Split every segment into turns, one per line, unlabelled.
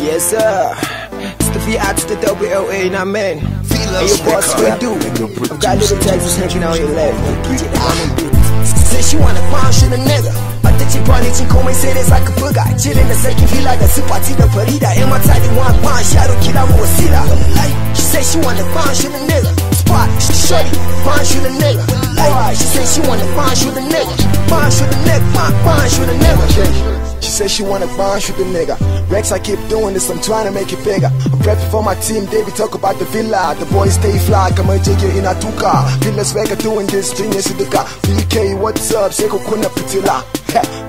Yes, sir. It's the fiat to the WLA, now man. Hey, your boss, what do?
I've
got little Texas hanging on your left. DJ Allen Say she wanna punch in a nigga. ce bani cin komai sai like a buga cire da sarki fila da sifati da farida yan mata da wani ba sharo kira mu wasila she say she wanna find you the nigga spot she shorty find you the nigga she say she wanna find you the nigga find
you the nigga find you the nigga says she wanna bond, shoot the nigga. Rex, I keep doing this, I'm trying to make it bigger. I'm prepping for my team, They be talk about the villa. The boys stay fly, come and take you in a tuka. Feel Las doing this, genius in the car. VK, what's up? Seko kuna pitila.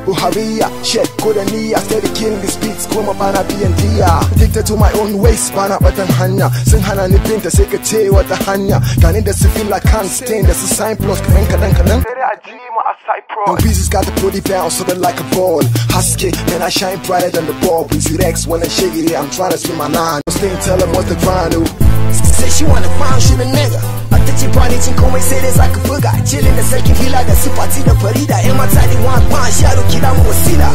Buharia, Shed Kodania, steady killing these beats, Kuma Bana BNDA. Addicted to my own ways, Bana Batanhanya. Sing Hana Nipinta, Sekate, Watahanya. Gani the Can't Sivil, I can't stand, that's a sign plus, Karenka Dankanan. My pieces got the body bounce, so they're like a ball. Husky, man, I shine brighter than the ball. With your ex, when I shake it, I'm trying to spin my line. Just think, tell them what the grind do. Say she wanna grind, shoot a nigga.
I think she brought it, come and say this like a booger. Chilling the second, he like a super, the parida, In my time want one pound, she had to kill her with a sinner.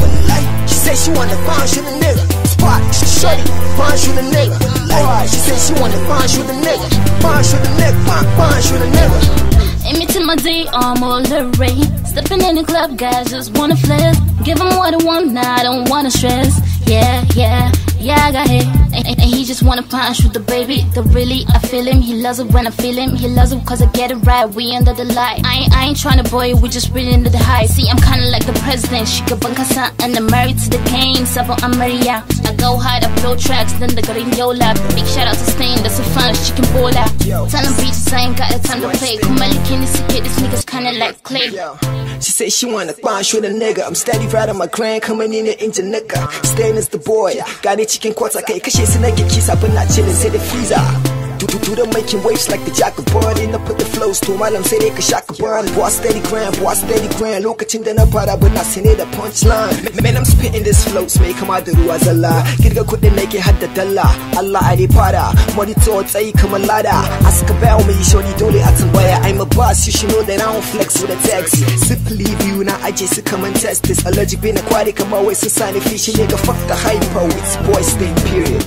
She said she want the pound, shoot a nigga. Spot, she shorty, pound, shoot a nigga. Alright, she said she want to pound, shoot the nigga. Pound, shoot the nigga, pound, pound, shoot a nigga.
Imitate my day, I'm all array. Stepping in the club, guys just wanna flip. Give them what I want, now I don't wanna stress. Yeah, yeah. Yeah I got and, and, he just wanna punch and shoot the baby. The really, I feel him. He loves it when I feel him. He loves it cause I get it right. We under the light. I ain't, I ain't trying to boy, we just really under the high. See, I'm kinda like the president. She could bunk son and I'm married to the game. Sabo Maria. I go hard, I blow tracks, then the in Guardiola. Big shout out to Stain, that's a fun chicken baller. Tell them bitches I ain't got the time to play. Kumaliki, this kid, this nigga's kinda like clay. Yo. She said she wanna
punch with a nigga. I'm steady right on my grind, coming in the engine nigga. Staying is the boy. Got it chicken quarter cake, cause she's in a up but not chillin', say the freezer. Do, do, do the making waves like the jack of and I put the flows to while I'm sitting a shock of Boy, steady grand, boy, steady grand. Lokacin da na but not na it a punchline. Man, I'm spitting this flows mai kama da a zalla. Kirga make it har da dalla. Allah a ne fara. Monitor tsayi kamar lada. Aska bayo mai shoni dole a I'm a boss, you should know that I don't flex with a text. Simply view I just come and test. This allergic being aquatic, I'm always a sign of fish. Nigga, fuck the hypo. It's boy they period.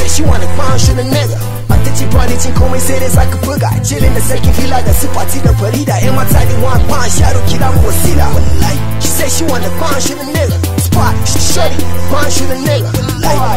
She she wanna find, she a nigga atâții bani țin cum îi seriez dacă băga Cele ne se chifila de se pațină părida E mă țari one pan și aru chila mă osila She said she want a pan, she the nigga Spot, she shorty, pan, she the nigga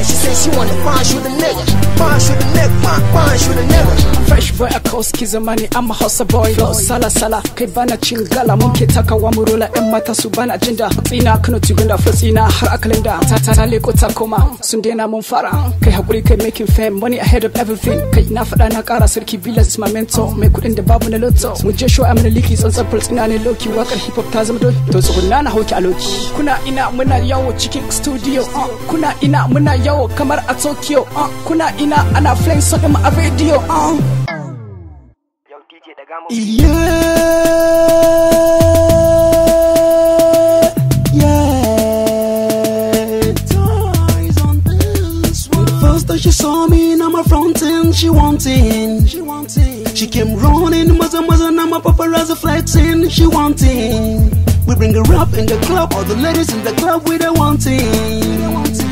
she
said she wanna find you the nigga. Find you the nigga, find, find you the nigga. Fresh boy, I call skizamani, I'm a hustle boy. Flow sala sala, kaibana chingala, munke taka wamurula, emmata subana agenda. Bina, kano tuganda, fasina har akalinda. Tata tale takoma, sundena mun fara. Kai hakuri kai making fame, money ahead of everything. Kai na faɗa na ƙara sarki villas is my mentor. Mai kuɗin da babu na lotto. Mu je show am na liki tsantsar fultsina ne loki wakar hip hop ta zama doki. To tsuguna na a Kuna ina muna yo, cikin studio. Ah. Kuna ina muna yo, yawo kamar a Tokyo uh, kuna ina ana flying sodom a radio uh. Yo DJ daga mu Yeah
she saw me now my am front end, she wanting. She wanting. She came running, maza maza, now my paparazzi flexing, she wanting. We bring her up in the club, all the ladies in the club, we the wanting. We they wanting.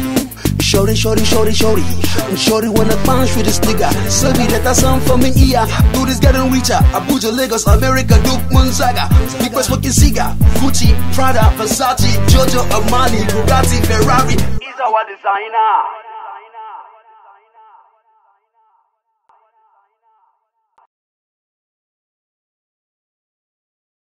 Shorty, shorty, shorty, shorty. And shorty wanna bounce with this nigga. Say me that that's something for me, yeah. Do this getting richer. Abuja, Lagos, America, Duke, Gonzaga. Big West, fucking Siga. Gucci,
Prada, Versace, Giorgio, Armani, Bugatti, Ferrari.
He's our designer.